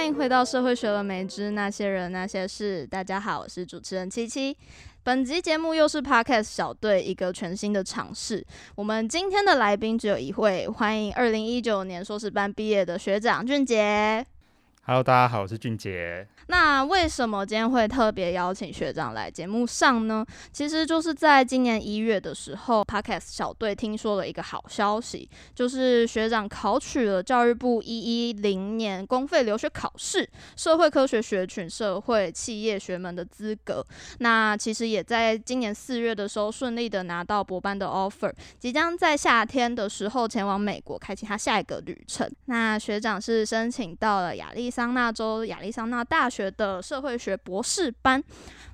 歡迎回到社會學了沒之那些人那些事。大家好，我是主持人七七。本集節目又是 Podcast 小隊一個全新的嘗試。我們今天的來賓只有一位，歡迎二零一九年碩士班畢業的學長俊杰。Hello，大家好，我是俊傑。那為什麼今天會特別邀請學長來節目上呢？其實就是在今年一月的時候，Podcast 小隊聽說了一個好消息，就是學長考取了教育部一一零年公費留學考試社會科學學群社會企業學門的資格。那其實也在今年四月的時候順利的拿到博班的 offer，即將在夏天的時候前往美國開啟他下一個旅程。那學長是申請到了亞利桑。亞利桑那州亞利桑那大學的社會學博士班，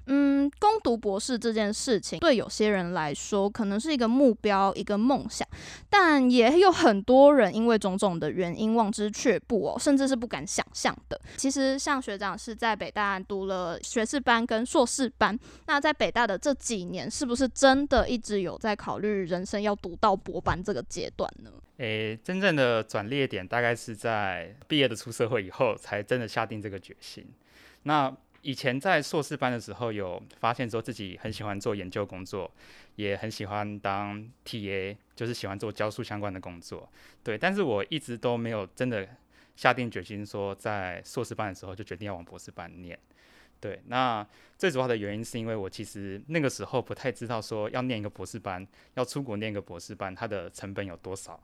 嗯，攻讀博士這件事情，對有些人來說可能是一個目標、一個夢想，但也有很多人因為種種的原因望之卻步哦，甚至是不敢想象的。其實，像學長是在北大讀了學士班跟碩士班，那在北大的這幾年，是不是真的一直有在考慮人生要讀到博班這個階段呢？誒，真正的轉捩點大概是在畢業的出社會以後，才真的下定這個決心。那以前在碩士班的時候，有發現說自己很喜歡做研究工作，也很喜歡當 TA，就是喜歡做教書相關的工作。對，但是我一直都沒有真的下定決心，說在碩士班的時候就決定要往博士班念。對，那最主要的原因是因為我其實那個時候不太知道說要念一個博士班，要出國念一個博士班，它的成本有多少。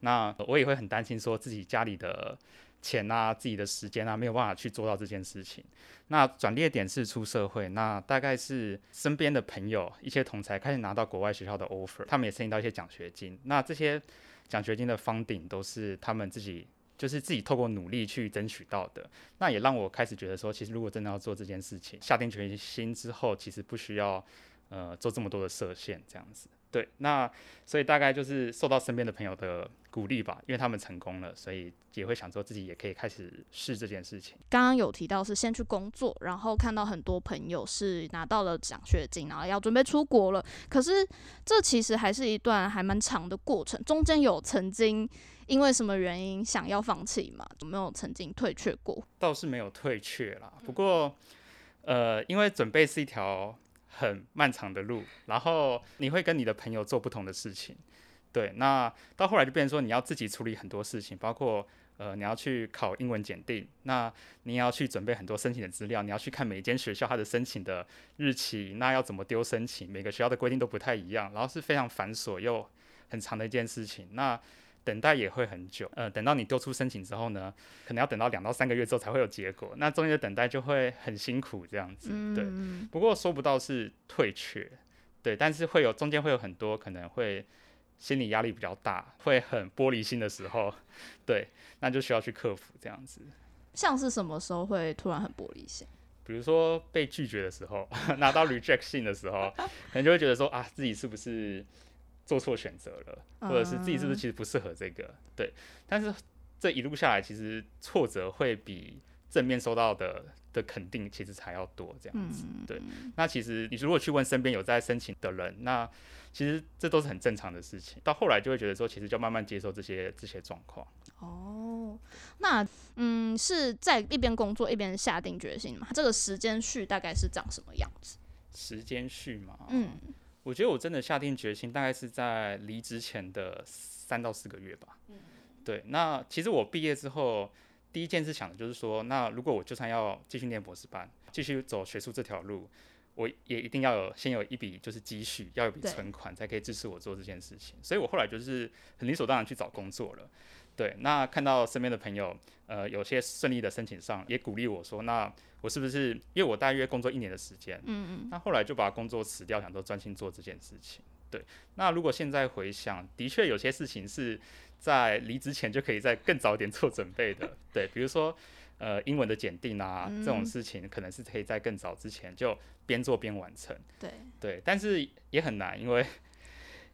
那我也會很擔心說自己家裡的錢啊，自己的時間啊，沒有辦法去做到這件事情。那轉捩點是出社會，那大概是身邊的朋友一些同儕開始拿到國外學校的 offer，他們也申請到一些獎學金。那這些獎學金的 funding 都是他們自己。就是自己透過努力去爭取到的，那也讓我開始覺得說，其實如果真的要做這件事情，下定決心之後，其實不需要呃做這麼多的設限這樣子。對，那所以大概就是受到身邊的朋友的鼓勵吧，因為他們成功了，所以也會想說自己也可以開始試這件事情。剛剛有提到是先去工作，然後看到很多朋友是拿到了獎學金，然後要準備出國了。可是這其實還是一段還蠻長的過程，中間有曾經因為什麼原因想要放棄嘛？有沒有曾經退卻過？倒是沒有退卻啦，不過、嗯、呃，因為準備是一條。很漫長的路，然後你會跟你的朋友做不同的事情，對。那到後來就變成說，你要自己處理很多事情，包括呃，你要去考英文檢定，那你要去準備很多申請的資料，你要去看每一間學校它的申請的日期，那要怎麼丟申請，每個學校的規定都不太一樣，然後是非常繁瑣又很長的一件事情。那等待也會很久，呃，等到你丟出申請之後呢，可能要等到兩到三個月之後才會有結果，那中間的等待就會很辛苦這樣子。對，不過說不到是退卻，對，但是會有中間會有很多可能會心理壓力比較大，會很玻璃心的時候，對，那就需要去克服這樣子。像是什麼時候會突然很玻璃心？比如說被拒絕的時候， 拿到 reject 信的時候， 可能就會覺得說啊，自己是不是？做錯選擇了，或者是自己是不是其實不適合這個？嗯、對，但是這一路下來，其實挫折會比正面收到的的肯定其實還要多，這樣子。嗯、對，那其實你如果去問身邊有在申請的人，那其實這都是很正常的事情。到後來就會覺得說，其實就慢慢接受這些這些狀況。哦，那嗯，是在一邊工作一邊下定決心嘛？這個時間序大概是長什麼樣子？時間序嘛，嗯。我覺得我真的下定決心，大概是在離職前的三到四個月吧。嗯嗯、對。那其實我畢業之後第一件事想的就是說，那如果我就算要繼續念博士班，繼續走學術這條路，我也一定要有先有一筆就是積蓄，要有一筆存款才對可以支持我做這件事情。所以我後來就是很理所當然去找工作了。對，那看到身邊的朋友，呃，有些順利的申請上，也鼓勵我說，那我是不是因為我大約工作一年的時間，嗯嗯，那後來就把工作辭掉，想說專心做這件事情。對，那如果現在回想，的確有些事情是在離職前就可以再更早點做準備的， 對，比如說呃英文的檢定啊、嗯、這種事情，可能是可以在更早之前就邊做邊完成。對對，但是也很難，因為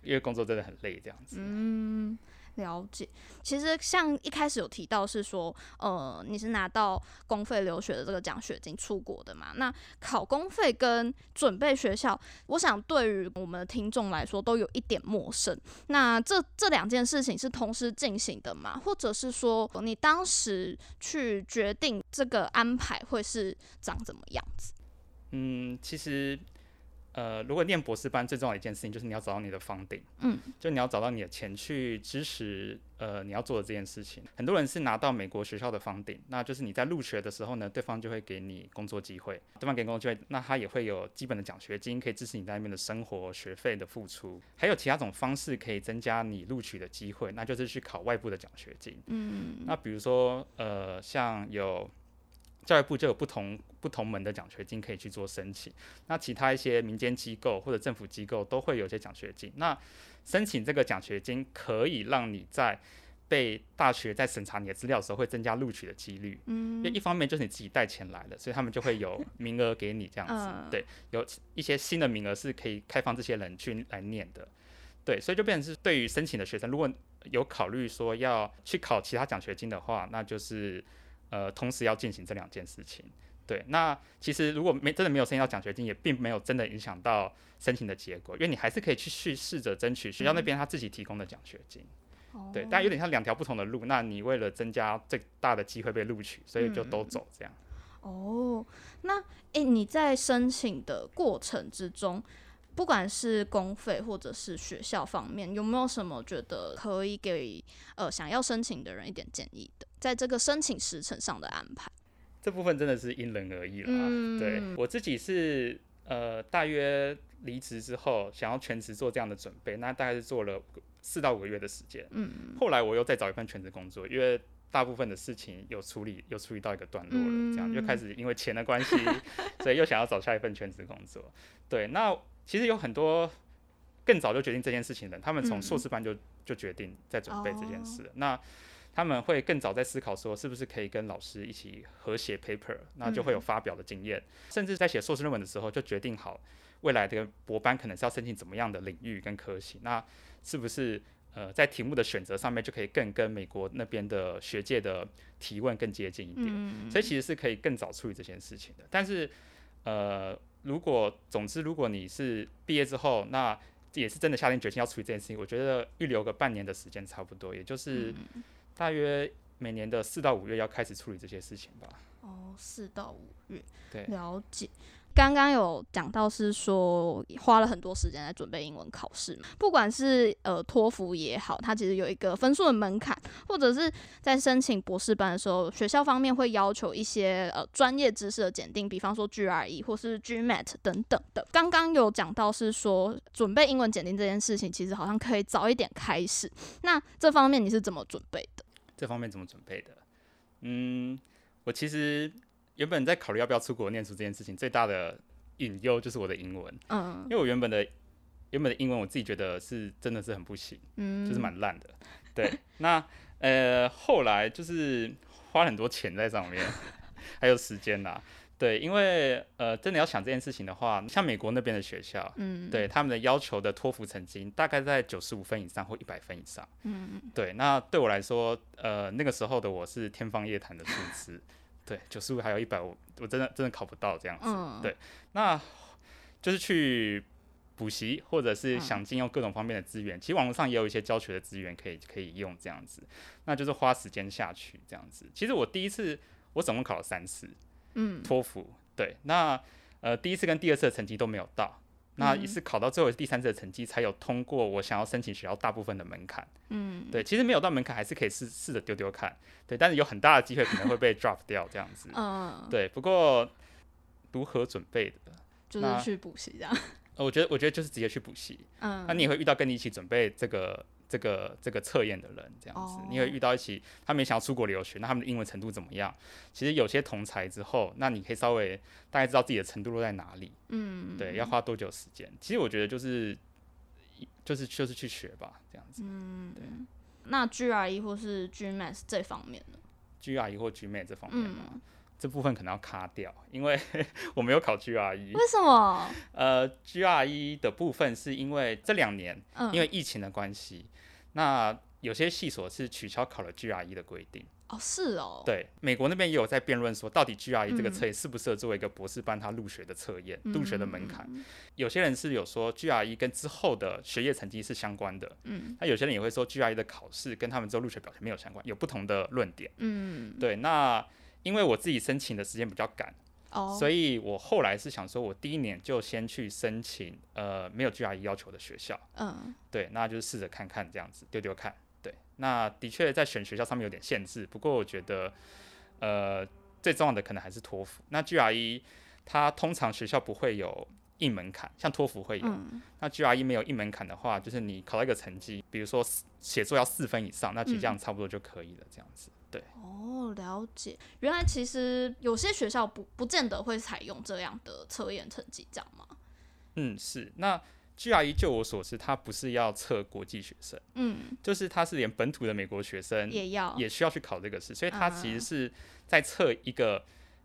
因為工作真的很累這樣子。嗯。了解，其實像一開始有提到是說，呃，你是拿到公費留學的這個獎學金出國的嘛？那考公費跟準備學校，我想對於我們的聽眾來說都有一點陌生。那這這兩件事情是同時進行的嘛？或者是說你當時去決定這個安排會是長怎麼樣子？嗯，其實。呃，如果念博士班最重要的一件事情就是你要找到你的 funding，嗯，就你要找到你的錢去支持呃你要做的這件事情。很多人是拿到美國學校的 funding，那就是你在入學的時候呢，對方就會給你工作機會，對方給你工作機會，那他也會有基本的獎學金可以支持你在那邊的生活、學費的付出。還有其他種方式可以增加你錄取的機會，那就是去考外部的獎學金，嗯，那比如說呃像有。教育部就有不同不同門的獎學金可以去做申請，那其他一些民間機構或者政府機構都會有些獎學金。那申請這個獎學金可以讓你在被大學在審查你的資料的時候會增加錄取的幾率。嗯，因為一方面就是你自己帶錢來的，所以他們就會有名額給你這樣子。嗯、對，有一些新的名額是可以開放這些人去來念的。對，所以就變成是對於申請的學生，如果有考慮說要去考其他獎學金的話，那就是。呃，同時要進行這兩件事情。對，那其實如果沒真的沒有申請到獎學金，也並沒有真的影響到申請的結果，因為你還是可以去去試着爭取學校那邊他自己提供的獎學金。嗯、對，但有點像兩條不同的路。那你為了增加最大的機會被錄取，所以就都走這樣。哦、嗯，oh, 那哎、欸，你在申請的過程之中，不管是公費或者是學校方面，有沒有什麼覺得可以給呃想要申請的人一點建議的？在這個申請時程上的安排，這部分真的是因人而異了、嗯。對我自己是呃，大約離職之後想要全職做這樣的準備，那大概是做了四到五個月的時間。嗯，後來我又再找一份全職工作，因為大部分的事情有處理，有處理到一個段落了，嗯、這樣又開始因為錢的關係， 所以又想要找下一份全職工作。對，那其實有很多更早就決定這件事情的，嗯、他們從碩士班就就決定在準備這件事。哦、那他們會更早在思考說，是不是可以跟老師一起合寫 paper，那就會有發表的經驗，甚至在寫碩士論文的時候就決定好未來的博班可能是要申請怎麼樣的領域跟科系，那是不是呃在題目的選擇上面就可以更跟美國那邊的學界的提問更接近一點？所以其實是可以更早處理這件事情的。但是呃，如果總之如果你是畢業之後，那也是真的下定決心要處理這件事情，我覺得預留個半年的時間差不多，也就是。大約每年的四到五月要開始處理這些事情吧。哦，四到五月，對，了解。剛剛有講到是說花了很多時間來準備英文考試嘛，不管是呃托福也好，它其實有一個分數的門檻，或者是在申請博士班的時候，學校方面會要求一些呃專業知識的檢定，比方說 GRE 或是 GMAT 等等的。剛剛有講到是說準備英文檢定這件事情，其實好像可以早一點開始。那這方面你是怎麼準備的？這方面怎麼準備的？嗯，我其實原本在考慮要不要出國念書這件事情，最大的隱憂就是我的英文。嗯，因為我原本的原本的英文，我自己覺得是真的是很不行，嗯，就是蠻爛的。對，那呃後來就是花很多錢在上面，還有時間啦、啊。對，因為呃，真的要想這件事情的話，像美國那邊的學校，嗯，對他們的要求的托福成績大概在九十五分以上或一百分以上，嗯對，那對我來說，呃，那個時候的我是天方夜譚的數字 對，九十五還有一百五，我真的真的考不到這樣子。哦、對，那就是去補習，或者是想進用各種方面的資源，哦、其實網絡上也有一些教學的資源可以可以用這樣子，那就是花時間下去這樣子。其實我第一次，我總共考了三次。嗯，托福對，那呃第一次跟第二次的成績都沒有到，嗯、那一次考到最後第三次的成績才有通過我想要申請學校大部分的門檻。嗯，對，其實沒有到門檻還是可以試試着丟丟看，對，但是有很大的機會可能會被 drop 掉這樣子。嗯、 呃，對，不過如何準備的？就是去補習呀。我覺得我覺得就是直接去補習。嗯，那你也會遇到跟你一起準備這個。這個這個測驗的人這樣子，因為、oh. 遇到一起，他們也想要出國留學，那他們的英文程度怎麼樣？其實有些同儕之後，那你可以稍微大概知道自己的程度落在哪裡。嗯，mm. 對，要花多久時間？其實我覺得就是，就是就是去學吧，這樣子。嗯，mm. 對。那 GRE 或是 GMAT 這方面的？GRE 或 GMAT 這方面嗎，mm. 這部分可能要卡掉，因為我沒有考 GRE。為什麼？呃，GRE 的部分是因為這兩年，嗯，因為疫情的關係，那有些系所是取消考了 GRE 的規定。哦，是哦。對，美國那邊也有在辯論說，到底 GRE 這個測驗，嗯，是不是作為一個博士班他入學的測驗，入，嗯，學的門檻？有些人是有說 GRE 跟之後的學業成績是相關的，嗯，那有些人也會說 GRE 的考試跟他們之後入學表現沒有相關，有不同的論點。嗯，對，那。因為我自己申請的時間比較趕，oh. 所以我後來是想說，我第一年就先去申請，呃，沒有 GRE 要求的學校，嗯，uh. 對，那就是試着看看這樣子，丟丟看，對，那的確在選學校上面有點限制，不過我覺得，呃，最重要的可能還是托福。那 GRE 它通常學校不會有硬門檻，像托福會有，嗯。那 GRE 沒有硬門檻的話，就是你考到一個成績，比如說寫作要四分以上，那其實這樣差不多就可以了，這樣子。嗯對哦，了解。原來其實有些學校不不見得會採用這樣的測驗成績，這樣嗎？嗯，是。那 GRE 就我所知，他不是要測國際學生，嗯，就是他是連本土的美國學生也要也需要去考這個試，要所以他其實是在測一個、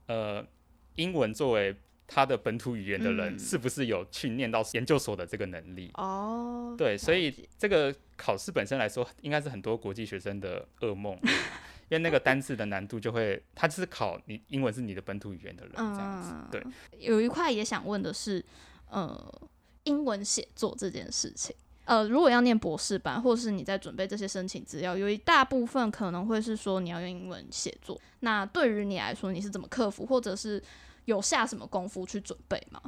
啊、呃，英文作為他的本土語言的人是不是有去念到研究所的這個能力。嗯、對哦，對，所以這個考試本身來說，應該是很多國際學生的噩夢。 因為那個單詞的難度就會，他就是考你英文是你的本土語言的人這樣子，嗯，對。有一塊也想問的是，呃，英文寫作這件事情，呃，如果要念博士班，或是你在準備這些申請資料，有一大部分可能會是說你要用英文寫作，那對於你來說，你是怎麼克服，或者是有下什麼功夫去準備嗎？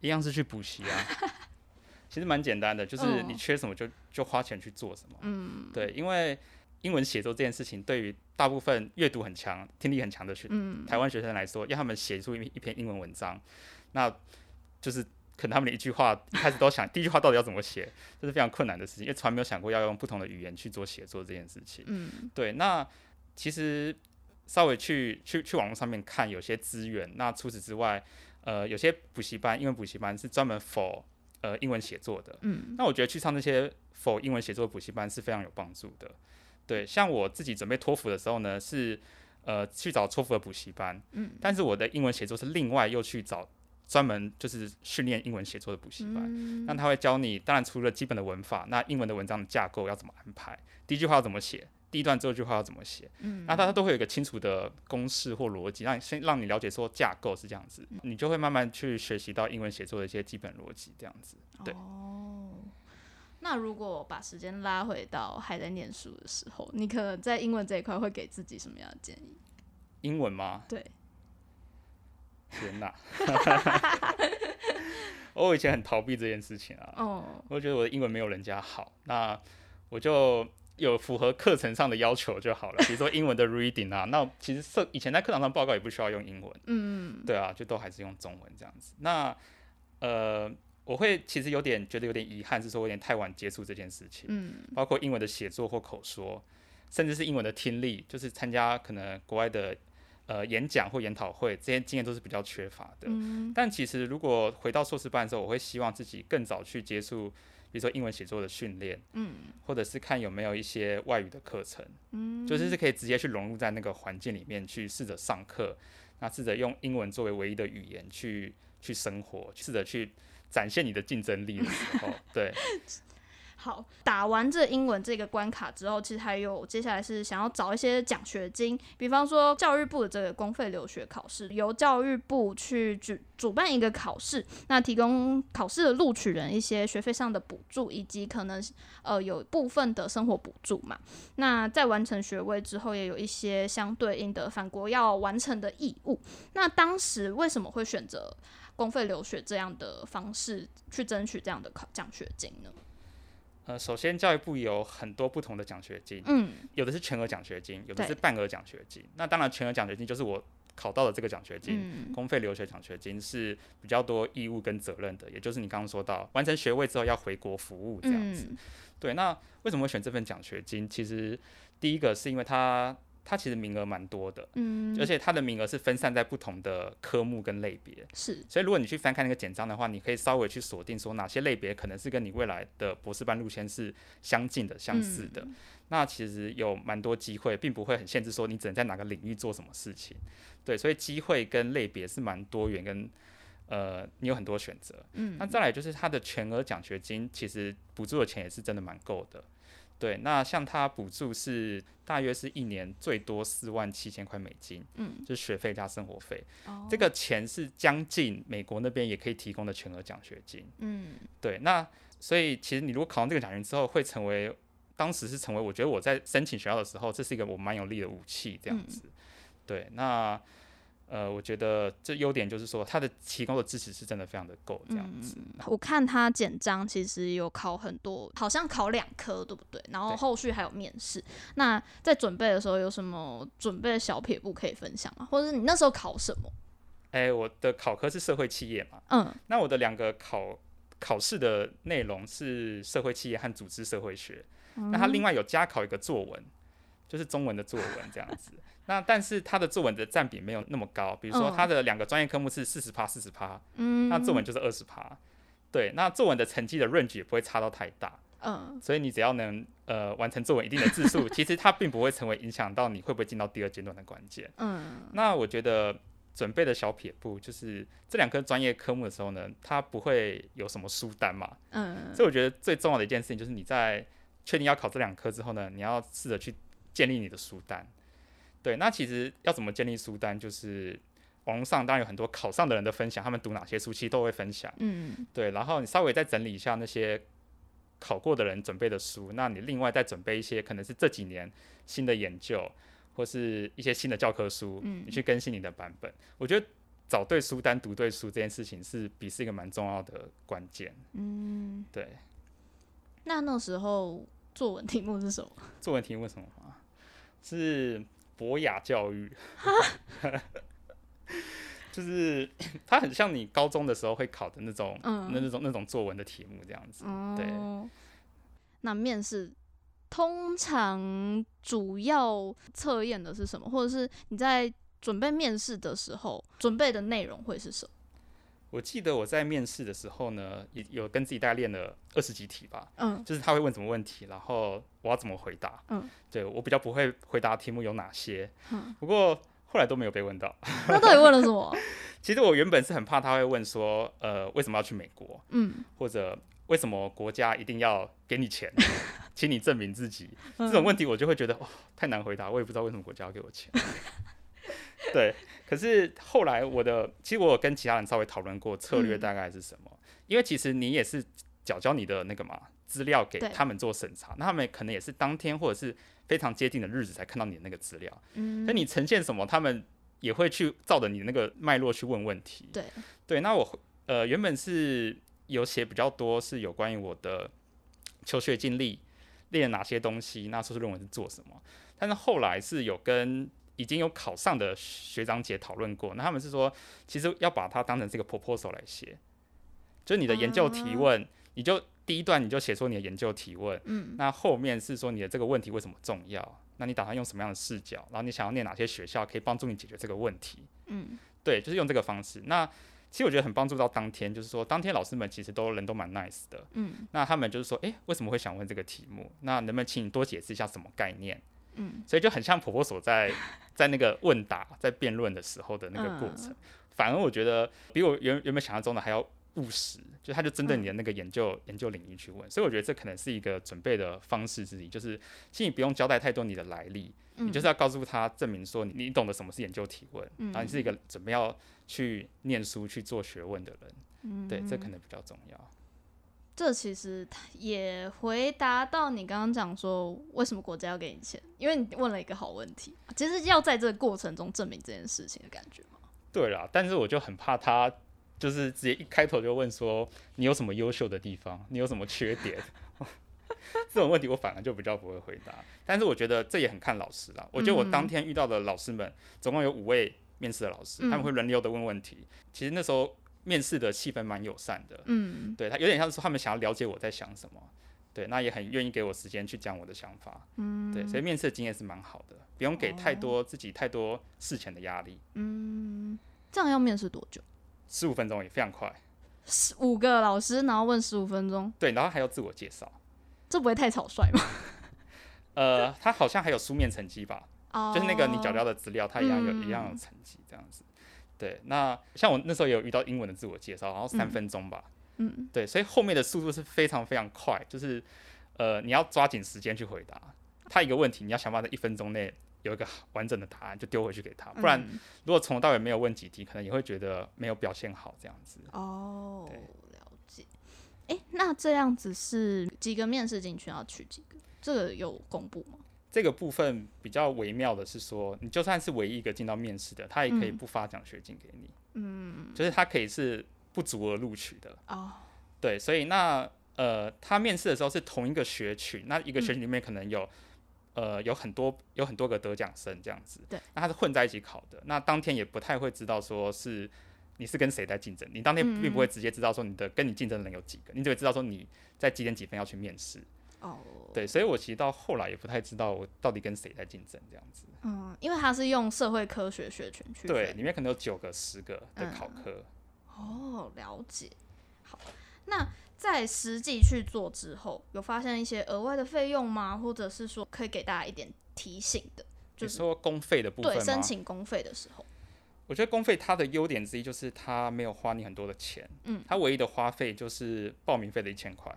一樣是去補習啊， 其實蠻簡單的，就是你缺什麼就，嗯，就花錢去做什麼，嗯，對，因為。英文寫作這件事情，對於大部分閱讀很強、聽力很強的學、嗯、台灣學生來說，要他們寫出一篇英文文章，那就是可能他們的一句話一開始都想 第一句話到底要怎麼寫，這、就是非常困難的事情，因為從來沒有想過要用不同的語言去做寫作這件事情。嗯、對。那其實稍微去去去網絡上面看有些資源，那除此之外，呃，有些補習班，英文補習班是專門 for、呃，呃英文寫作的。嗯、那我覺得去上那些 for 英文寫作的補習班是非常有幫助的。對，像我自己準備托福的時候呢，是呃去找托福的補習班，嗯、但是我的英文寫作是另外又去找專門就是訓練英文寫作的補習班，嗯、那他會教你，當然除了基本的文法，那英文的文章的架構要怎麼安排，第一句話要怎麼寫，第一段最後一句話要怎麼寫，嗯、那他都會有一個清楚的公式或邏輯，讓你先讓你了解說架構是這樣子，嗯、你就會慢慢去學習到英文寫作的一些基本邏輯，這樣子，對。哦。那如果把時間拉回到還在念書的時候，你可能在英文這一塊會給自己什麼樣的建議？英文嗎？對，天哪， 我以前很逃避這件事情啊。哦，我覺得我的英文沒有人家好。那我就有符合課程上的要求就好了。比如說英文的 reading 啊， 那其實以前在課堂上報告也不需要用英文。嗯，對啊，就都還是用中文這樣子。那呃。我會其實有點覺得有點遺憾，是說我有點太晚接觸這件事情。嗯，包括英文的寫作或口說，甚至是英文的聽力，就是參加可能國外的呃演講或研討會，這些經驗都是比較缺乏的。嗯，但其實如果回到碩士班的時候，我會希望自己更早去接觸，比如說英文寫作的訓練，嗯，或者是看有沒有一些外語的課程，就、嗯，就是可以直接去融入在那個環境裡面去試着上課，那試着用英文作為唯一的語言去去生活，試着去。展現你的競爭力的時候，對， 好，打完這英文這個關卡之後，其實還有接下來是想要找一些獎學金，比方說教育部的這個公費留學考試，由教育部去主主辦一個考試，那提供考試的錄取人一些學費上的補助，以及可能呃有部分的生活補助嘛。那在完成學位之後，也有一些相對應的返國要完成的義務。那當時為什麼會選擇？公費留學這樣的方式去爭取這樣的考獎學金呢？呃，首先教育部有很多不同的獎學金，嗯，有的是全額獎學金，有的是半額獎學金。對那當然，全額獎學金就是我考到的這個獎學金。嗯、公費留學獎學金是比較多義務跟責任的，也就是你剛剛說到，完成學位之後要回國服務這樣子。嗯、對，那為什麼會選這份獎學金？其實第一個是因為它。它其實名額蠻多的，嗯、而且它的名額是分散在不同的科目跟類別，是，所以如果你去翻看那個簡章的話，你可以稍微去鎖定說哪些類別可能是跟你未來的博士班路線是相近的、相似的，嗯、那其實有蠻多機會，並不會很限制說你只能在哪個領域做什麼事情，對，所以機會跟類別是蠻多元，跟呃，你有很多選擇，嗯、那再來就是它的全額獎學金，其實補助的錢也是真的蠻夠的。對，那像他補助是大約是一年最多四萬七千塊美金，嗯，就是學費加生活費，哦、這個錢是將近美國那邊也可以提供的全額獎學金，嗯，對，那所以其實你如果考上這個獎學金之後，會成為當時是成為我覺得我在申請學校的時候，這是一個我蠻有力的武器，這樣子，嗯、對，那。呃，我覺得這優點就是說，它的提供的支持是真的非常的夠這樣子，嗯。我看他簡章其實有考很多，好像考兩科對不對？然後後續還有面試。對那在準備的時候有什麼準備的小撇步可以分享嗎？或者是你那時候考什麼？哎，欸，我的考科是社會企業嘛。嗯。那我的兩個考考試的內容是社會企業和組織社會學。嗯，那他另外有加考一個作文，就是中文的作文這樣子。 那但是他的作文的占比沒有那麼高，比如說他的兩個專業科目是四十趴四十趴，嗯，oh. mm. 那作文就是二十趴，對，那作文的成績的 range 也不會差到太大，嗯，oh. 所以你只要能呃完成作文一定的字數， 其實它並不會成為影響到你會不會進到第二階段的關鍵，嗯，oh. 那我覺得準備的小撇步就是這兩科專業科目的時候呢，它不會有什麼書單嘛，嗯，oh. 所以我覺得最重要的一件事情就是你在確定要考這兩科之後呢，你要試着去建立你的書單。對，那其實要怎麼建立書單，就是網絡上當然有很多考上的人的分享，他們讀哪些書，其實都會分享。嗯，對。然後你稍微再整理一下那些考過的人準備的書，那你另外再準備一些，可能是這幾年新的研究或是一些新的教科書，嗯，你去更新你的版本。我覺得找對書單、讀對書這件事情是，比是一個蠻重要的關鍵。嗯，對。那那時候作文題目是什麼？作文題目是什麼？是。博雅教育蛤， 就是它很像你高中的時候會考的那種，那、嗯、那種那種作文的題目這樣子。嗯、對，那面試通常主要測驗的是什麼？或者是你在準備面試的時候準備的內容會是什麼？我記得我在面試的時候呢，有跟自己大概練了二十幾題吧，嗯，就是他會問什麼問題，然後我要怎麼回答，嗯，對我比較不會回答題目有哪些，嗯，不過後來都沒有被問到。那到底問了什麼？ 其實我原本是很怕他會問說，呃，為什麼要去美國？嗯，或者為什麼國家一定要給你錢，嗯、請你證明自己？嗯、這種問題我就會覺得哇、哦，太難回答。我也不知道為什麼國家要給我錢。嗯對，可是後來我的，其實我有跟其他人稍微討論過策略大概是什麼，嗯、因為其實你也是繳交你的那個嘛資料給他們做審查，對那他們可能也是當天或者是非常接近的日子才看到你的那個資料，嗯，那你呈現什麼，他們也會去照着你的那個脈絡去問問題，對,對，那我呃原本是有寫比較多是有關於我的求學經歷，練哪些東西，那碩士論文是做什麼，但是後來是有跟已經有考上的學長姐討論過，那他們是說，其實要把它當成這個 proposal 來寫，就是你的研究提問，嗯、你就第一段你就寫出你的研究提問，嗯，那後面是說你的這個問題為什麼重要，那你打算用什麼樣的視角，然後你想要念哪些學校可以幫助你解決這個問題，嗯，對，就是用這個方式。那其實我覺得很幫助到當天，就是說當天老師們其實都人都蠻 nice 的，嗯，那他們就是說，誒，為什麼會想問這個題目？那能不能請你多解釋一下什麼概念？嗯、所以就很像婆婆所在在那個問答、在辯論的時候的那個過程，嗯、反而我覺得比我原原本想象中的還要務實，就他就針對你的那個研究、嗯、研究領域去問，所以我覺得這可能是一個準備的方式之一，就是請你不用交代太多你的來歷，嗯、你就是要告訴他證明說你你懂得什麼是研究提問，然後你是一個準備要去念書去做學問的人，嗯、對，這可能比較重要。這其實他也回答到你剛剛講說，為什麼國家要給你錢？因為你問了一個好問題。其實要在這個過程中證明這件事情的感覺嘛。對啦，但是我就很怕他，就是直接一開頭就問說，你有什麼優秀的地方？你有什麼缺點？ 這種問題我反而就比較不會回答。但是我覺得這也很看老師啦。我覺得我當天遇到的老師們總共有五位面試的老師，他們會輪流的問問題。嗯、其實那時候。面試的氣氛蠻友善的，嗯，對，他有點像是說，他們想要了解我在想什麼，對，那也很願意給我時間去講我的想法，嗯，對，所以面試的經驗是蠻好的，不用給太多自己太多事前的壓力。哦，嗯，這樣要面試多久？十五分鐘也非常快，十五個老師然後問十五分鐘，對，然後還要自我介紹，這不會太草率嗎？呃，是他好像還有書面成績吧，哦，就是那個你交掉的資料，他一樣有一樣的成績，這樣子。嗯對，那像我那時候有遇到英文的自我介紹，然後三分鐘吧，嗯。嗯，對，所以後面的速度是非常非常快，就是呃，你要抓緊時間去回答他一個問題，你要想辦法在一分鐘內有一個完整的答案，就丟回去給他。不然，如果從頭到尾沒有問幾題，可能也會覺得沒有表現好這樣子。哦，對了解。欸，那這樣子是幾個面試進去要取幾個？這個有公布嗎？這個部分比較微妙的是說，你就算是唯一一個進到面試的，他也可以不發獎學金給你，嗯，嗯，就是他可以是不足額錄取的哦。對，所以那呃，他面試的時候是同一個學群，那一個學群裡面可能有、嗯、呃有很多有很多個得獎生這樣子，對，那他是混在一起考的，那當天也不太會知道說是你是跟誰在競爭，你當天並不會直接知道說你的跟你競爭的人有幾個，嗯、你只會知道說你在幾點幾分要去面試。哦，oh. 對，所以，我其實到後來也不太知道我到底跟誰在競爭這樣子。嗯，因為他是用社會科學學群去對，裡面可能有九個、十個的考科。哦、嗯，oh, 了解。好，那在實際去做之後，有發現一些額外的費用嗎？或者是說，可以給大家一點提醒的，就是說公費的部分嗎？對，申請公費的時候，我覺得公費它的優點之一就是它沒有花你很多的錢。嗯，它唯一的花費就是報名費的一千塊。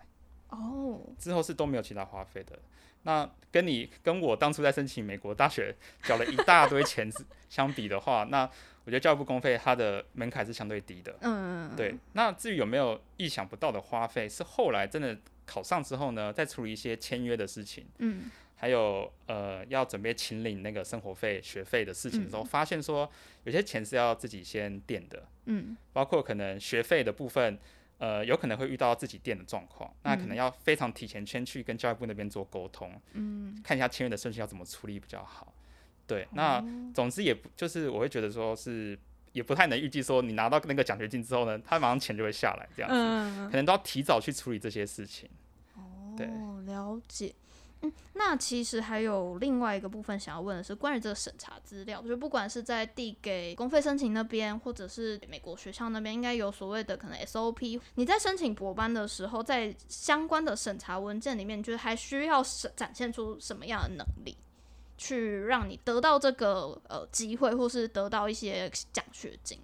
哦，oh. 之後是都沒有其他花費的。那跟你跟我當初在申請美國大學，繳了一大堆錢相比的話， 那我覺得教育部公費它的門檻是相對低的。嗯、um. 對。那至於有沒有意想不到的花費，是後來真的考上之後呢，在處理一些簽約的事情，嗯，um. 還有呃要準備請領那個生活費學費的事情的時候，um. 發現說有些錢是要自己先墊的。嗯。Um. 包括可能學費的部分。呃，有可能會遇到自己店的狀況，那可能要非常提前先去跟教育部那邊做溝通，嗯，看一下簽約的順序要怎麼處理比較好。對，哦、那總之也不就是我會覺得說是也不太能預計說你拿到那個獎學金之後呢，他馬上錢就會下來這樣子，嗯、可能都要提早去處理這些事情。哦，對，了解。嗯，那其實還有另外一個部分想要問的是，關於這個審查資料，就不管是在遞給公費申請那邊，或者是美國學校那邊，應該有所謂的可能 SOP。你在申請博班的時候，在相關的審查文件裡面，就是還需要展現出什麼樣的能力，去讓你得到這個呃機會，或是得到一些獎學金。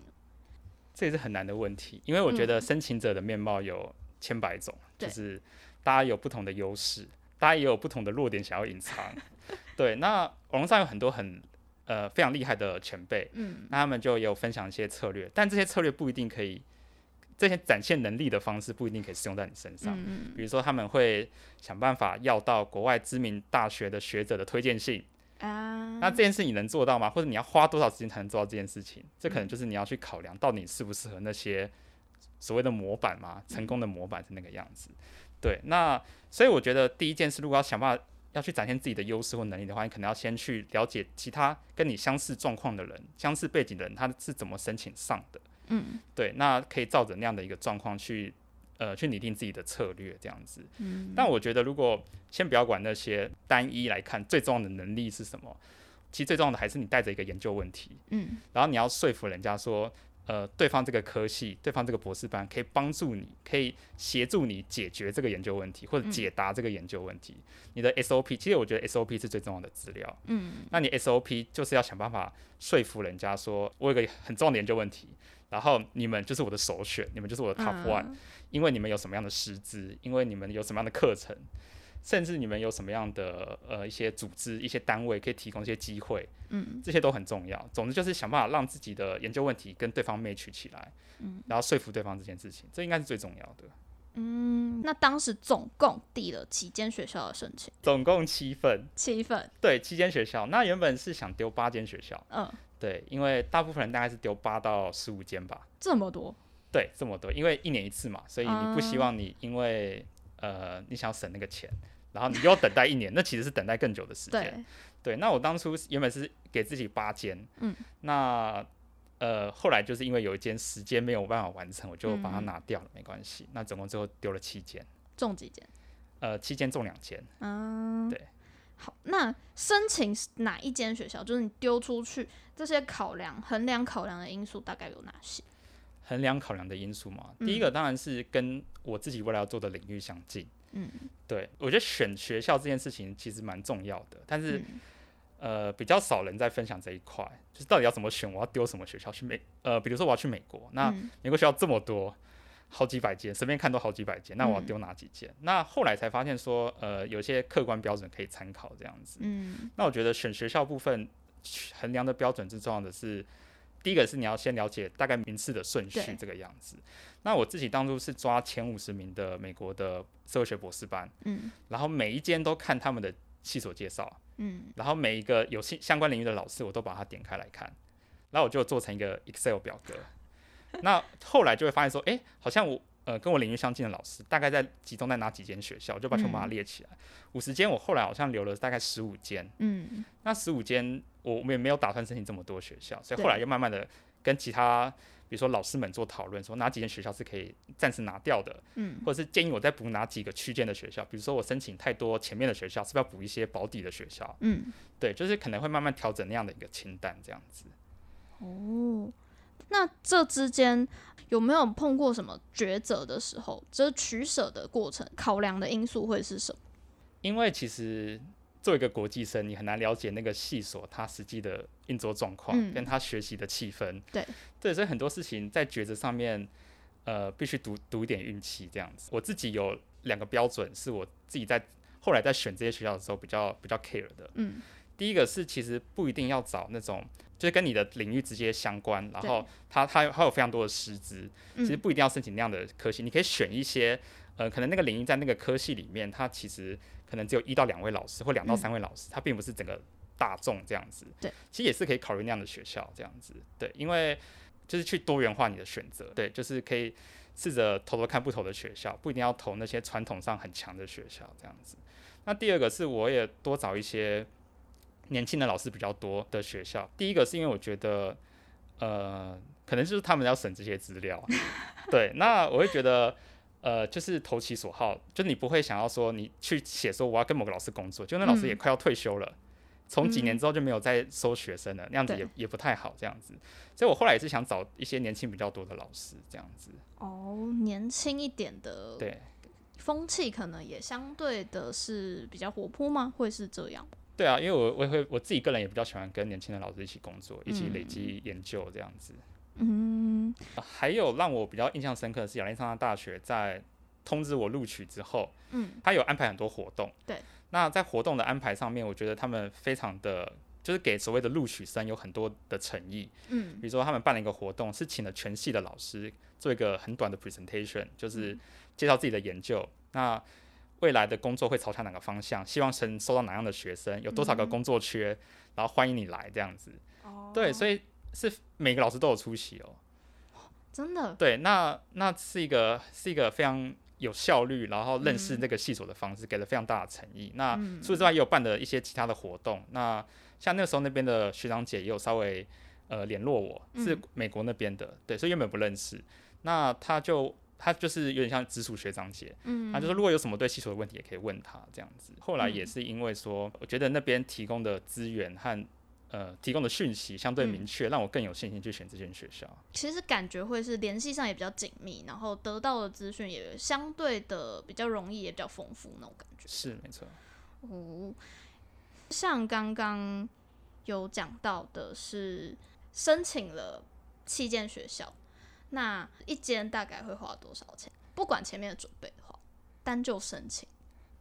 這也是很難的問題，因為我覺得申請者的面貌有千百種，嗯，就是大家有不同的優勢。大家也有不同的弱點想要隱藏， 對，那網絡上有很多很呃非常厲害的前輩，嗯，那他們就有分享一些策略，但這些策略不一定可以，這些展現能力的方式不一定可以適用在你身上，嗯嗯，比如說他們會想辦法要到國外知名大學的學者的推薦信啊，嗯、那這件事你能做到嗎？或者你要花多少時間才能做到這件事情？這可能就是你要去考量到底適不適合那些所謂的模板嘛。成功的模板是那個樣子。嗯對，那所以我覺得第一件事，如果要想辦法要去展現自己的優勢或能力的話，你可能要先去了解其他跟你相似狀況的人、相似背景的人，他是怎麼申請上的。嗯，對，那可以照着那樣的一個狀況去，呃，去擬定自己的策略，這樣子。嗯，但我覺得，如果先不要管那些單一來看，最重要的能力是什麼，其實最重要的還是你帶着一個研究問題，嗯，然後你要說服人家說。呃，對方這個科系，對方這個博士班，可以幫助你，可以協助你解決這個研究問題，或者解答這個研究問題。嗯、你的 SOP，其實我覺得 SOP 是最重要的資料。嗯，那你 SOP 就是要想辦法說服人家說，我有個很重要的研究問題，然後你們就是我的首選，你們就是我的 top one，、嗯、因為你們有什麼樣的師資，因為你們有什麼樣的課程。甚至你們有什麼樣的呃一些組織、一些單位可以提供一些機會，嗯，這些都很重要。總之就是想辦法讓自己的研究問題跟對方 match 起來，嗯，然後說服對方這件事情，這應該是最重要的。嗯，那當時總共遞了幾間學校的申請？總共七份，七份分，對，七間學校。那原本是想丟八間學校，嗯，對，因為大部分人大概是丟八到十五間吧，這麼多？對，這麼多，因為一年一次嘛，所以你不希望你因為呃，呃，你想要省那個錢。 然後你又要等待一年，那其實是等待更久的時間。對，對。那我當初原本是給自己八間，嗯，那呃後來就是因為有一間時間沒有辦法完成，我就把它拿掉了，嗯、沒關係。那總共最後丟了七間，中幾間？呃，七間中兩間。嗯，對。好，那申請哪一間學校？就是你丟出去這些考量、衡量考量的因素大概有哪些？衡量考量的因素嘛，嗯、第一個當然是跟我自己未來要做的領域相近。嗯，對，我覺得選學校這件事情其實蠻重要的，但是，嗯、呃，比較少人在分享這一塊，就是到底要怎麼選，我要丟什麼學校去美，呃，比如說我要去美國，那美國學校這麼多，嗯、好幾百間，隨便看都好幾百間，那我要丟哪幾間？嗯、那後來才發現說，呃，有些客觀標準可以參考，這樣子。嗯，那我覺得選學校部分衡量的標準最重要的是，是第一個是你要先了解大概名次的順序，這個樣子。那我自己當初是抓前五十名的美國的社會學博士班，嗯，然後每一間都看他們的系所介紹，嗯，然後每一個有相關領域的老師，我都把它點開來看，然後我就做成一個 Excel 表格。 那後來就會發現說，哎，好像我呃跟我領域相近的老師，大概在集中在哪幾間學校，我就把全部把它列起來。五十間，嗯，我後來好像留了大概十五間，嗯，那十五間我們也沒有打算申請這麼多學校，所以後來就慢慢的跟其他，比如說，老師們做討論，說哪幾間學校是可以暫時拿掉的，嗯，或者是建議我再補哪幾個區間的學校。比如說，我申請太多前面的學校，是不是要補一些保底的學校？嗯，對，就是可能會慢慢調整那樣的一個清單這樣子。哦，那這之間有沒有碰過什麼抉擇的時候？這、就是、取捨的過程，考量的因素會是什麼？因為其實。做一個國際生，你很難了解那個系所，它實際的運作狀況，嗯、跟他學習的氣氛。對，對，所以很多事情在抉擇上面，呃，必須賭賭一點運氣這樣子。我自己有兩個標準，是我自己在後來在選這些學校的時候比較比較 care 的。嗯，第一個是其實不一定要找那種就是跟你的領域直接相關，然後他對他他有非常多的師資，其實不一定要申請那樣的科系，嗯、你可以選一些。呃，可能那個領域在那個科系裡面，它其實可能只有一到兩位老師，或兩到三位老師，他、嗯、並不是整個大眾這樣子。對，其實也是可以考慮那樣的學校這樣子。對，因為就是去多元化你的選擇。對，就是可以試着投投看不同的學校，不一定要投那些傳統上很強的學校這樣子。那第二個是，我也多找一些年輕的老師比較多的學校。第一個是因為我覺得，呃，可能就是他們要審這些資料。對，那我會覺得。 呃，就是投其所好，就你不會想要說你去寫說我要跟某個老師工作，就那老師也快要退休了，從、嗯、幾年之後就沒有再收學生了，嗯、那樣子也對也不太好這樣子，所以我後來也是想找一些年輕比較多的老師這樣子。哦，年輕一點的，對，風氣可能也相對的是比較活潑嗎？會是這樣？對啊，因為我我會我自己個人也比較喜歡跟年輕的老師一起工作，嗯、一起累積研究這樣子。嗯，還有讓我比較印象深刻的是，亞利桑那大學在通知我錄取之後，嗯，他有安排很多活動。對，那在活動的安排上面，我覺得他們非常的，就是給所謂的錄取生有很多的誠意。嗯，比如說他們辦了一個活動，是請了全系的老師做一個很短的 presentation，就是介紹自己的研究，嗯、那未來的工作會朝向哪個方向，希望能收到哪樣的學生，有多少個工作缺，嗯、然後歡迎你來這樣子。哦，對，所以。是每個老師都有出席哦，真的。對，那那是一個是一個非常有效率，然後認識那個系所的方式，嗯、給了非常大的誠意。那除此、嗯、之外，也有辦的一些其他的活動。那像那時候那邊的學長姐也有稍微呃聯絡我，是美國那邊的，嗯、對，所以原本不認識。那他就他就是有點像直屬學長姐，嗯，她就說如果有什麼對系所的問題也可以問他這樣子。後來也是因為說，嗯、我覺得那邊提供的資源和。呃，提供的訊息相對明確，嗯，讓我更有信心去選這間學校。其實感覺會是聯繫上也比較緊密，然後得到的資訊也相對的比較容易，也比較豐富那種感覺。是沒錯。哦，像剛剛有講到的是申請了七間學校，那一間大概會花多少錢？不管前面的準備的話，單就申請。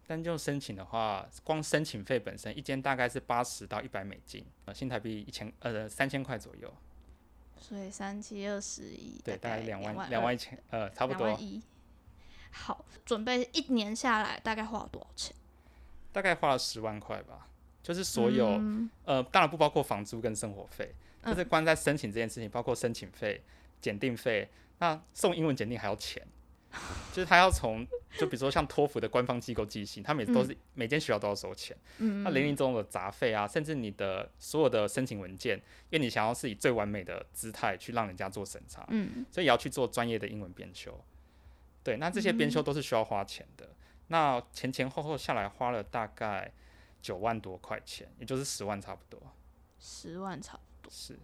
但就申請的話，光申請費本身一間大概是八十到一百美金，1000, 呃，新台幣一千呃三千塊左右。所以三七二十一，對，大概兩萬兩萬,萬一千呃差不多。兩萬一。好，準備一年下來大概花了多少錢？大概花了十萬塊吧，就是所有、嗯、呃，當然不包括房租跟生活費，嗯、就是關在申請這件事情，包括申請費、檢定費，那送英文檢定還要錢。 就是他要從，就比如說像托福的官方機構寄信，他每次都是、嗯、每間學校都要收錢。嗯，那零零總總的雜費啊，甚至你的所有的申請文件，因為你想要是以最完美的姿態去讓人家做審查，嗯，所以也要去做專業的英文編修。對，那這些編修都是需要花錢的。嗯、哼那前前後後下來花了大概九萬多塊錢，也就是十萬差不多。十萬差不多。是。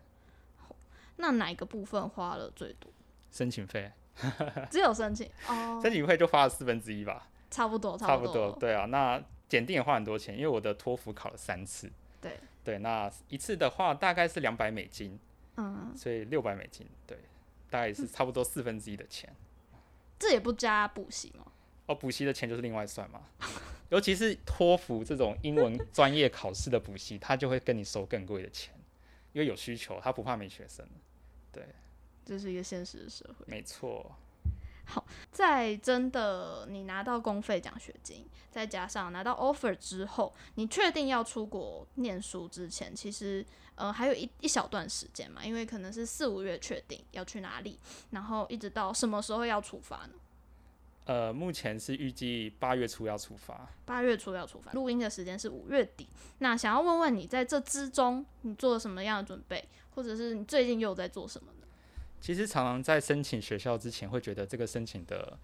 好，那哪一個部分花了最多？申請費。 只有申請，oh, 申請會就發了四分之一吧，差不多，差不多，差不多，對啊，那檢定也花很多錢，因為我的托福考了三次，對，對，那一次的話大概是兩百美金，嗯，所以六百美金，對，大概也是差不多四分之一的錢，嗯，這也不加補習嗎？哦，補習的錢就是另外算嘛， 尤其是托福這種英文專業考試的補習，他 就會跟你收更貴的錢，因為有需求，他不怕沒學生，對。這是一個現實的社會，沒錯。好，在真的你拿到公費獎學金，再加上拿到 offer 之後，你確定要出國念書之前，其實呃還有一一小段時間嘛，因為可能是四五月確定要去哪裡，然後一直到什麼時候要出發呢？呃，目前是預計八月初要出發，八月初要出發。錄音的時間是五月底。那想要問問你，在這之中你做了什麼樣的準備，或者是你最近又在做什麼呢？其實常常在申請學校之前，會覺得這個申請的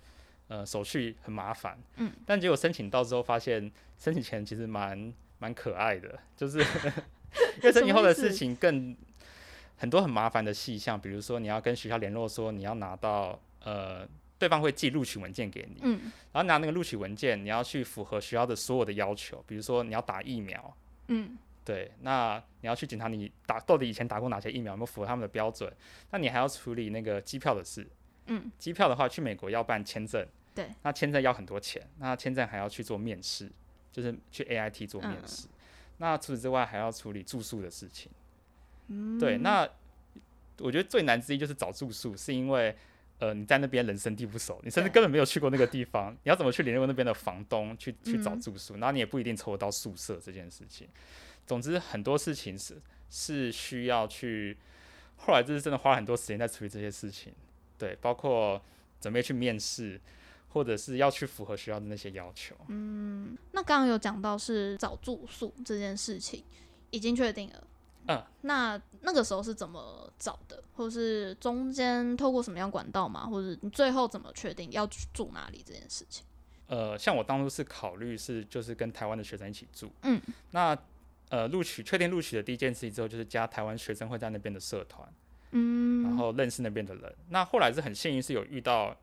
呃手續很麻煩，嗯、但結果申請到之後，發現申請前其實蠻蠻可愛的，就是 因為申請後的事情更很多很麻煩的細項，比如說你要跟學校聯絡，說你要拿到呃對方會寄錄取文件給你，嗯、然後拿那個錄取文件，你要去符合學校的所有的要求，比如說你要打疫苗，嗯對，那你要去檢查你打到底以前打過哪些疫苗，有沒有符合他們的標準？那你還要處理那個機票的事。嗯，機票的話，去美國要辦簽證。對，那簽證要很多錢，那簽證還要去做面試，就是去 AIT 做面試。嗯、那除此之外，還要處理住宿的事情。嗯，對，那我覺得最難之一就是找住宿，是因為呃，你在那邊人生地不熟，你甚至根本沒有去過那個地方，對 你要怎麼去聯絡那邊的房東去去找住宿？那、嗯、你也不一定抽得到宿舍這件事情。總之，很多事情是是需要去。後來就是真的花了很多時間在處理這些事情，對，包括準備去面試，或者是要去符合學校的那些要求。嗯，那剛剛有講到是找住宿這件事情已經確定了。嗯，那那個時候是怎麼找的？或是中間透過什麼樣管道嗎？或是你最後怎麼確定要去住哪裡這件事情？呃，像我當初是考慮是就是跟台灣的學生一起住。嗯，那。呃，錄取確定錄取的第一件事情之後，就是加台灣學生會在那邊的社團，嗯，然後認識那邊的人。那後來是很幸運是有遇到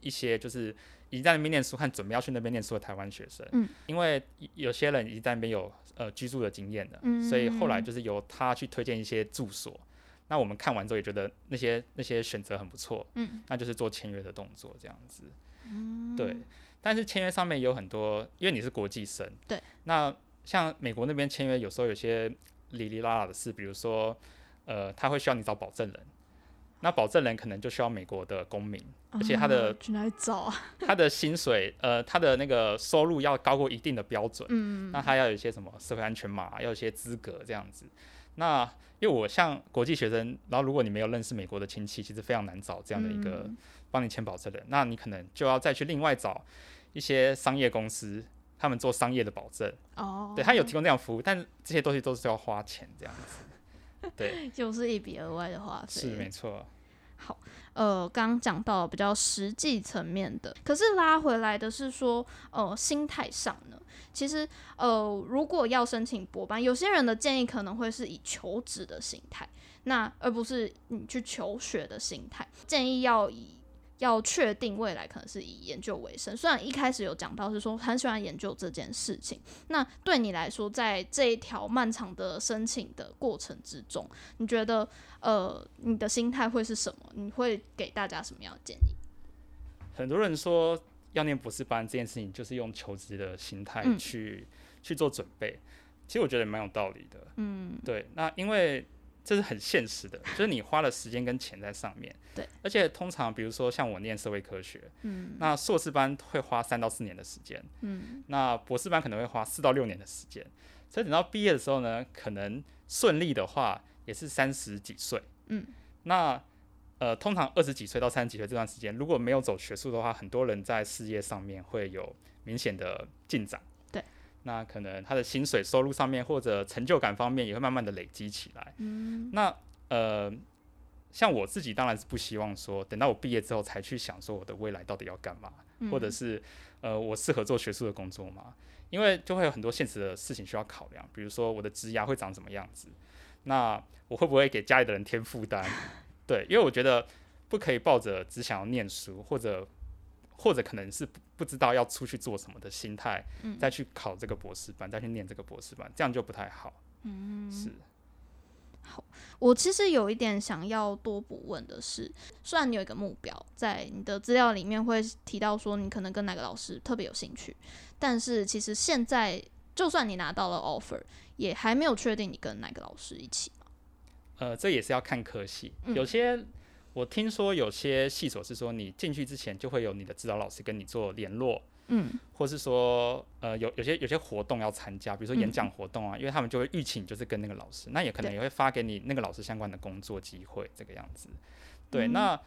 一些就是已經在那邊念書、看準備要去那邊念書的台灣學生，嗯，因為有些人已經在那邊有呃居住的經驗的，嗯，所以後來就是由他去推薦一些住所。那我們看完之後也覺得那些那些選擇很不錯，嗯，那就是做簽約的動作這樣子，嗯，對。但是簽約上面有很多，因為你是國際生，對，那。像美國那邊簽約，有時候有些哩哩啦啦的事，比如說，呃，他會需要你找保證人，那保證人可能就需要美國的公民，而且他的、嗯、我去哪裡找？他的薪水，呃，他的那個收入要高過一定的標準，嗯、那他要有一些什麼社會安全碼，要有一些資格這樣子。那因為我像國際學生，然後如果你沒有認識美國的親戚，其實非常難找這樣的一個幫你簽保證人，嗯、那你可能就要再去另外找一些商業公司。他們做商業的保證哦，oh. 對他有提供這樣服務，但這些東西都是要花錢這樣子，對， 就是一筆額外的花費，是沒錯。好，呃，剛講到比較實際層面的，可是拉回來的是說，哦、呃，心態上呢，其實呃，如果要申請博班，有些人的建議可能會是以求職的心態，那而不是你去求學的心態，建議要以。要確定未來可能是以研究為生，雖然一開始有講到是說很喜歡研究這件事情，那對你來說，在這一條漫長的申請的過程之中，你覺得呃，你的心態會是什麼？你會給大家什麼樣的建議？很多人說要念博士班這件事情，就是用求職的心態去、嗯、去做準備，其實我覺得也蠻有道理的。嗯，對，那因為。這是很現實的，就是你花了時間跟錢在上面。對，而且通常，比如說像我念社會科學，嗯，那碩士班會花三到四年的時間，嗯，那博士班可能會花四到六年的時間。所以等到畢業的時候呢，可能順利的話也是三十幾歲。嗯，那呃，通常二十幾歲到三十幾歲這段時間，如果沒有走學術的話，很多人在事業上面會有明顯的進展。那可能他的薪水收入上面，或者成就感方面，也會慢慢的累積起來。嗯。那呃，像我自己當然是不希望說，等到我畢業之後才去想說我的未來到底要幹嘛，嗯。或者是呃，我適合做學術的工作嗎？因為就會有很多現實的事情需要考量，比如說我的職涯會長什麼樣子，那我會不會給家裡的人添負擔？ 對，因為我覺得不可以抱着只想要念書或者。或者可能是不知道要出去做什麼的心態，嗯、再去考這個博士班，再去念這個博士班，這樣就不太好。嗯，是。好，我其實有一點想要多補問的是，雖然你有一個目標，在你的資料裡面會提到說你可能跟哪個老師特別有興趣，但是其實現在就算你拿到了 offer，也還沒有確定你跟哪個老師一起。呃，這也是要看科系，嗯、有些。我聽說有些系所是說，你進去之前就會有你的指導老師跟你做聯絡，嗯，或是說，呃，有有些有些活動要參加，比如說演講活動啊，嗯、因為他們就會預期，就是跟那個老師，那也可能也會發給你那個老師相關的工作機會，對這個樣子。對，那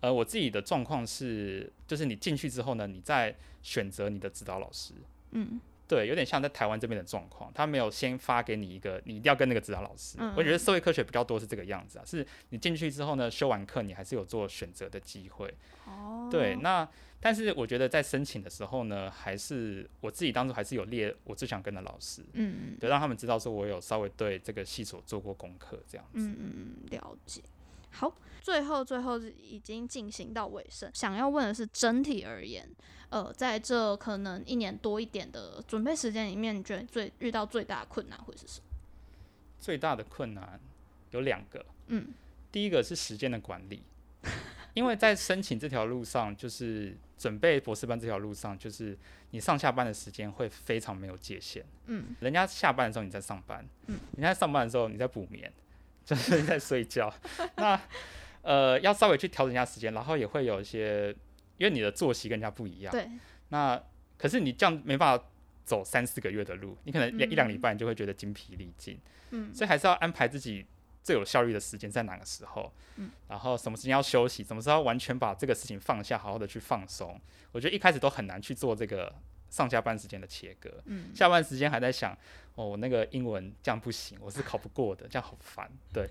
呃，我自己的狀況是，就是你進去之後呢，你再選擇你的指導老師，嗯。對，有點像在台灣這邊的狀況，他沒有先發給你一個，你一定要跟那個指導老師。嗯嗯，我覺得社會科學比較多是這個樣子啊，是你進去之後呢，修完課你還是有做選擇的機會。哦，對，那但是我覺得在申請的時候呢，還是我自己當初還是有列我最想跟的老師。嗯，得讓他們知道說我有稍微對這個系所做過功課，這樣子。嗯嗯，了解。好，最後最後已經進行到尾聲，想要問的是整體而言，呃，在這可能一年多一點的準備時間裡面，你覺得最遇到最大的困難會是什麼？最大的困難有兩個，嗯，第一個是時間的管理， 因為在申請這條路上，就是準備博士班這條路上，就是你上下班的時間會非常沒有界限，嗯，人家下班的時候你在上班，嗯，人家上班的時候你在補眠。就是在睡覺， 那呃要稍微去調整一下時間，然後也會有一些，因為你的作息跟人家不一樣。對。那可是你這樣沒辦法走三四個月的路，你可能一兩禮拜、嗯、你就會覺得精疲力盡。嗯。所以還是要安排自己最有效率的時間在哪個時候，嗯，然後什麼時間要休息，什麼時候完全把這個事情放下，好好的去放鬆。我覺得一開始都很難去做這個上下班時間的切割，嗯，下班時間還在想。哦，我那個英文這樣不行，我是考不過的， 這樣好煩。對，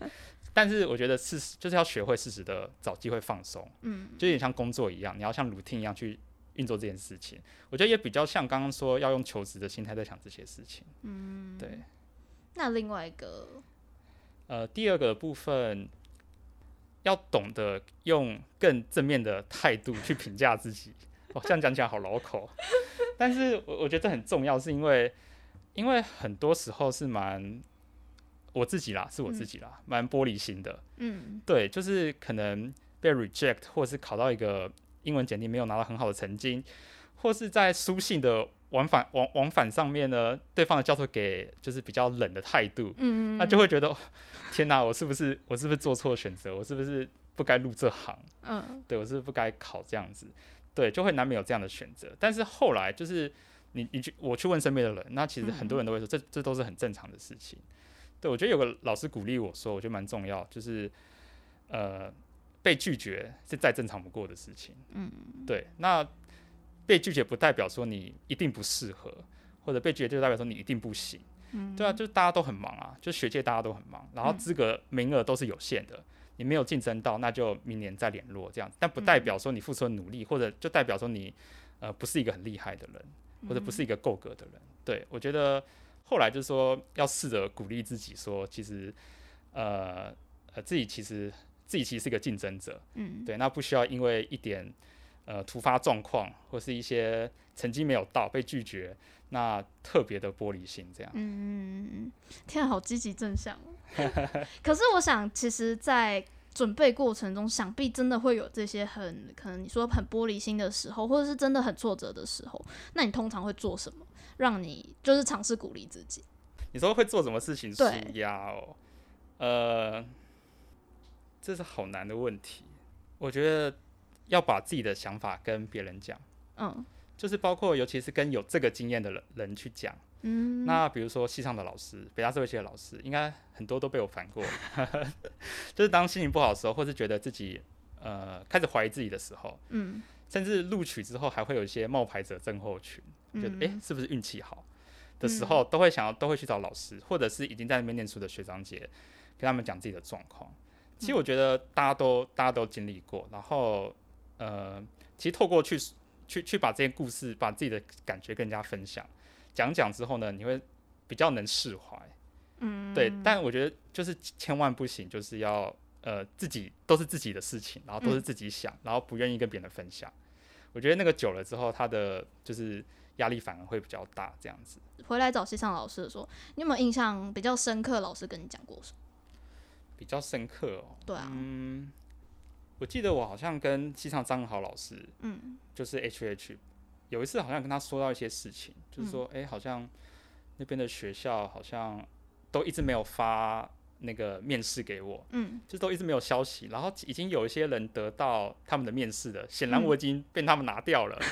但是我覺得事實就是要學會適時的找機會放鬆，嗯，就也像工作一樣，你要像 routine 一樣去運作這件事情。我覺得也比較像剛剛說要用求職的心態在想這些事情，嗯，對。那另外一個，呃，第二個部分要懂得用更正面的態度去評價自己。 哦，這樣講起來好繞口， 但是我我覺得這很重要，是因為。因為很多時候是蠻我自己啦，是我自己啦，蠻、嗯、玻璃心的。嗯，對，就是可能被 reject，或者是考到一個英文檢定沒有拿到很好的成績，或是在書信的往返往往返上面呢，對方的教授給就是比較冷的態度。嗯，那就會覺得天哪，我是不是我是不是做錯了選擇？我是不是不該入這行？嗯，對，我是不是不該考這樣子。對，就會難免有這樣的選擇。但是後來就是。你你去我去問身邊的人，那其實很多人都會說，這這都是很正常的事情。嗯、對我覺得有個老師鼓勵我說，我覺得蠻重要，就是呃，被拒絕是再正常不過的事情。嗯，對。那被拒絕不代表說你一定不適合，或者被拒絕就代表說你一定不行。嗯，對啊，就是大家都很忙啊，就學界大家都很忙，然後資格名額都是有限的，嗯、你沒有競爭到，那就明年再聯絡這樣。但不代表說你付出的努力，嗯、或者就代表說你呃不是一個很厲害的人。或者不是一個夠格的人，嗯、對，我覺得後來就是說，要試着鼓勵自己，說其實，呃呃，自己其實自己其實是個競爭者，嗯，對，那不需要因為一點呃突發狀況或是一些成績沒有到被拒絕，那特別的玻璃心這樣，嗯，天啊，好積極正向。 可是我想其實，在準備過程中，想必真的會有這些很可能你說很玻璃心的時候，或者是真的很挫折的時候，那你通常會做什麼，讓你就是嘗試鼓勵自己？你說會做什麼事情需要對呃，這是好難的問題，我覺得要把自己的想法跟別人講，嗯，就是包括尤其是跟有這個經驗的人人去講。嗯，那比如說，系上的老師，北大社會系的老師，應該很多都被我煩過呵呵。就是當心情不好的時候，或是覺得自己呃開始懷疑自己的時候，嗯，甚至錄取之後還會有一些冒牌者症候群，覺得誒、嗯欸、是不是運氣好的時候，嗯、都會想要都會去找老師，或者是已經在那邊念書的學長姐，跟他們講自己的狀況。其實我覺得大家都、嗯、大家都經歷過，然後呃，其實透過去去去把這些故事，把自己的感覺跟人家分享。講講之後呢，你會比較能釋懷，嗯，對。但我覺得就是千萬不行，就是要呃自己都是自己的事情，然後都是自己想，嗯、然後不願意跟別人分享。我覺得那個久了之後，他的就是壓力反而會比較大，這樣子。回來找西上老師的時候，你有沒有印象比較深刻？老師跟你講過什麼？比較深刻哦。對啊。嗯，我記得我好像跟西上張文豪老師，嗯，就是 H H。有一次好像跟他說到一些事情，就是說，哎、嗯欸，好像那邊的學校好像都一直沒有發那個面試給我，嗯，就都一直沒有消息。然後已經有一些人得到他們的面試了，顯然我已經被他們拿掉了。嗯、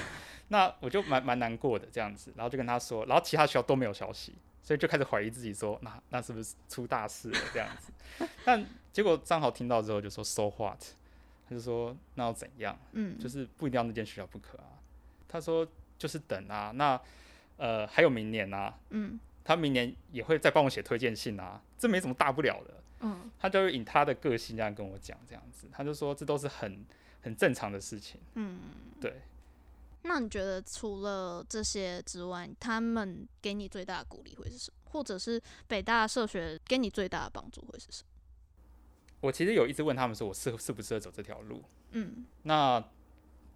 那我就蠻蠻難過的這樣子，然後就跟他說，然後其他學校都沒有消息，所以就開始懷疑自己說，那那是不是出大事了這樣子？嗯、但結果張豪聽到之後就說 So what？他就說那要怎樣？嗯，就是不一定要那間學校不可啊。他說：“就是等啊，那呃還有明年啊，嗯，他明年也會再幫我寫推薦信啊，這沒什麼大不了的，嗯，他就會以他的個性這樣跟我講，這樣子，他就說這都是很很正常的事情，嗯，對。那你覺得除了這些之外，他們給你最大的鼓勵會是什麼？或者是北大社學給你最大的幫助會是什麼？我其實有一直問他們說我適適不適合走這條路，嗯，那。”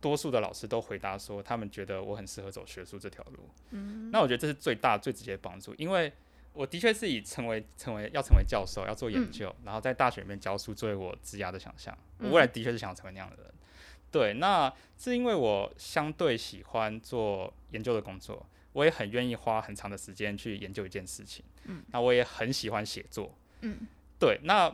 多數的老師都回答說，他們覺得我很適合走學術這條路。嗯哼，那我覺得這是最大、最直接的幫助，因為我的確是以成為、成為要成為教授、要做研究，嗯、然後在大學裡面教書作為我職業的想象。我未來的確是想要成為那樣的人。嗯、哼對，那是因為我相對喜歡做研究的工作，我也很願意花很長的時間去研究一件事情。嗯，那我也很喜歡寫作。嗯，對，那。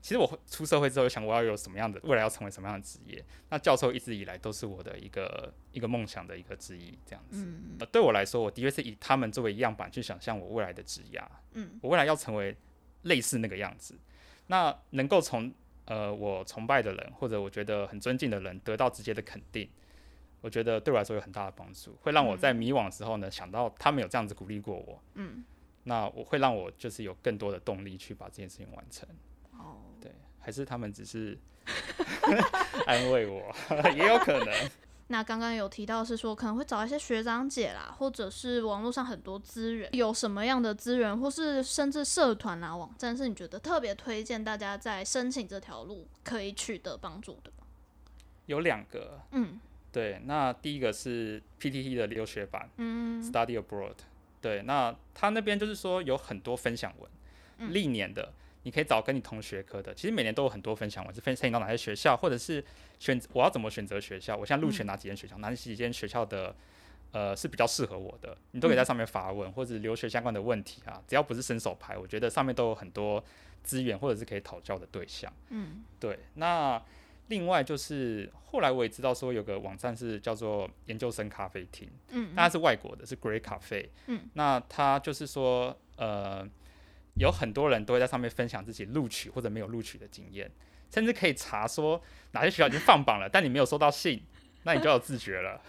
其實我出社會之後，我想我要有什麼樣的未來，要成為什麼樣的職業？那教授一直以來都是我的一個、呃、一個夢想的一個之一，這樣子。嗯、呃，對我來說，我的確是以他們作為樣板去想象我未來的職業。嗯，我未來要成為類似那個樣子。那能夠從呃我崇拜的人或者我覺得很尊敬的人得到直接的肯定，我覺得對我來說有很大的幫助，會讓我在迷惘的時候呢、嗯、想到他們有這樣子鼓勵過我。嗯，那我會讓我就是有更多的動力去把這件事情完成。還是他們只是 安慰我， 也有可能。 那剛剛有提到是說可能會找一些學長姐啦，或者是網絡上很多資源，有什麼樣的資源，或是甚至社團啊網站，是你覺得特別推薦大家在申請這條路可以取得幫助的嗎？ 剛剛有兩、啊、兩個，嗯，對。那第一個是 PTT 的留學版，嗯，Study Abroad，、嗯、對，那他那邊就是說有很多分享文，歷年的。嗯你可以找跟你同學科的，其實每年都有很多分享，我是分享到哪些學校，或者是選我要怎麼選擇學校，我現在錄取哪幾間學校，嗯、哪幾間學校的呃是比較適合我的，你都可以在上面發問、嗯、或者留學相關的問題啊，只要不是伸手牌，我覺得上面都有很多資源或者是可以討教的對象。嗯，對。那另外就是後來我也知道說有個網站是叫做研究生咖啡廳，嗯，嗯，它是外國的，是 Grad Cafe，嗯，那它就是說呃。有很多人都會在上面分享自己錄取或者沒有錄取的經驗，甚至可以查說哪些學校已經放榜了， 但你沒有收到信，那你就要自覺了。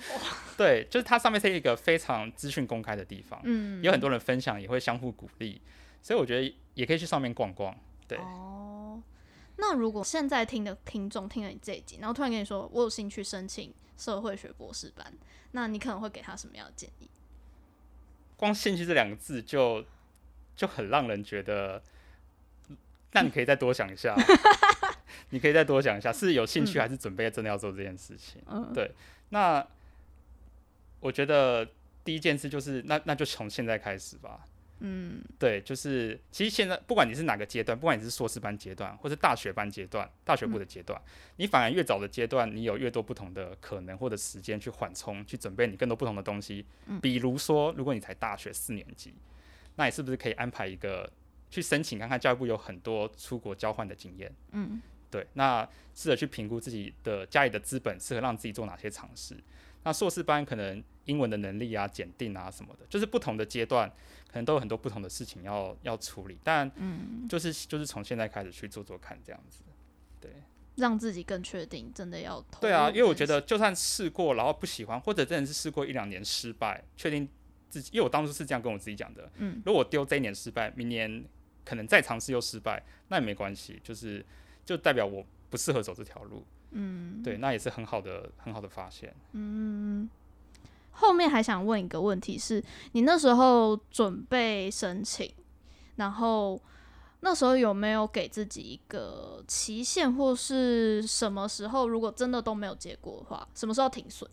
對，就是它上面是一個非常資訊公開的地方，嗯，有很多人分享，也會相互鼓勵，所以我覺得也可以去上面逛逛。對哦，那如果現在聽的聽眾聽了你這一集，然後突然跟你說我有興趣申請社會學博士班，那你可能會給他什麼樣的建議？光興趣這兩個字就。就很讓人覺得，那你可以再多想一下，嗯、 你可以再多想一下，是有興趣還是準備真的要做這件事情？嗯、對，那我覺得第一件事就是，那那就從現在開始吧。嗯，對，就是其實現在不管你是哪個階段，不管你是碩士班階段或是大學班階段、大學部的階段，嗯、你反而越早的階段，你有越多不同的可能或者時間去緩衝，去準備你更多不同的東西。嗯、比如說，如果你才大學四年級。那你是不是可以安排一個去申請看看教育部有很多出國交換的經驗？嗯，對。那試着去評估自己的家裡的資本，適合讓自己做哪些嘗試。那碩士班可能英文的能力啊、檢定啊什麼的，就是不同的階段可能都有很多不同的事情要要處理。但、就是、嗯，就是就是從現在開始去做做看這樣子，對，讓自己更確定真的要投。對啊，因為我覺得就算試過然後不喜歡，或者真的是試過一兩年失敗，確定。自己，因為我當初是這樣跟我自己講的，嗯，如果我丟這一年失敗，嗯、明年可能再嘗試又失敗，那也沒關係，就是就代表我不適合走這條路，嗯，對，那也是很好的很好的發現，嗯。後面還想問一個問題是，是你那時候準備申請，然後那時候有沒有給自己一個期限或是什麼時候？如果真的都沒有結果的話，什麼時候停損？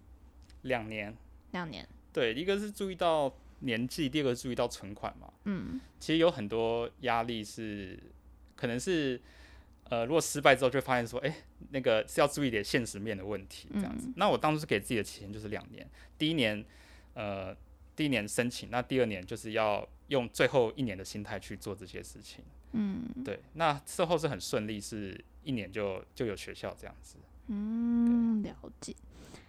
兩年，兩年。對，一個是注意到年紀，第二個是注意到存款嘛。嗯，其實有很多壓力是，可能是，呃，如果失敗之後就發現說，哎、欸，那個是要注意點現實面的問題這樣子。嗯、那我當初是給自己的期限就是兩年，第一年，呃，第一年申請，那第二年就是要用最後一年的心態去做這些事情。嗯，對。那最後是很順利，是一年就就有學校這樣子。嗯，對了解。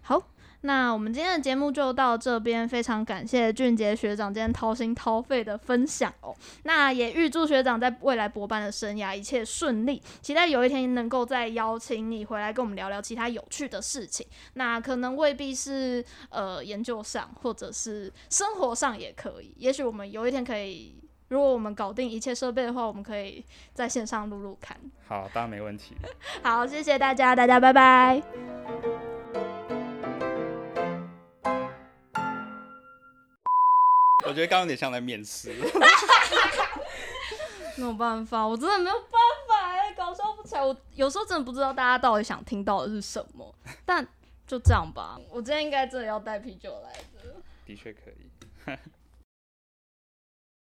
好。那我們今天的節目就到這邊，非常感謝俊傑學長今天掏心掏肺的分享哦。那也預祝學長在未來博班的生涯一切順利，期待有一天能夠再邀請你回來跟我們聊聊其他有趣的事情。那可能未必是呃研究上，或者是生活上也可以。也許我們有一天可以，如果我們搞定一切設備的話，我們可以在線上錄錄看。好，當然沒問題。 好，謝謝大家，大家拜拜。我覺得剛剛有點像在面試。沒有辦法，我真的沒有辦法、欸，搞笑不起來。我有時候真的不知道大家到底想聽到的是什麼，但就這樣吧。 我今天應該真的要帶啤酒來著。的確可以。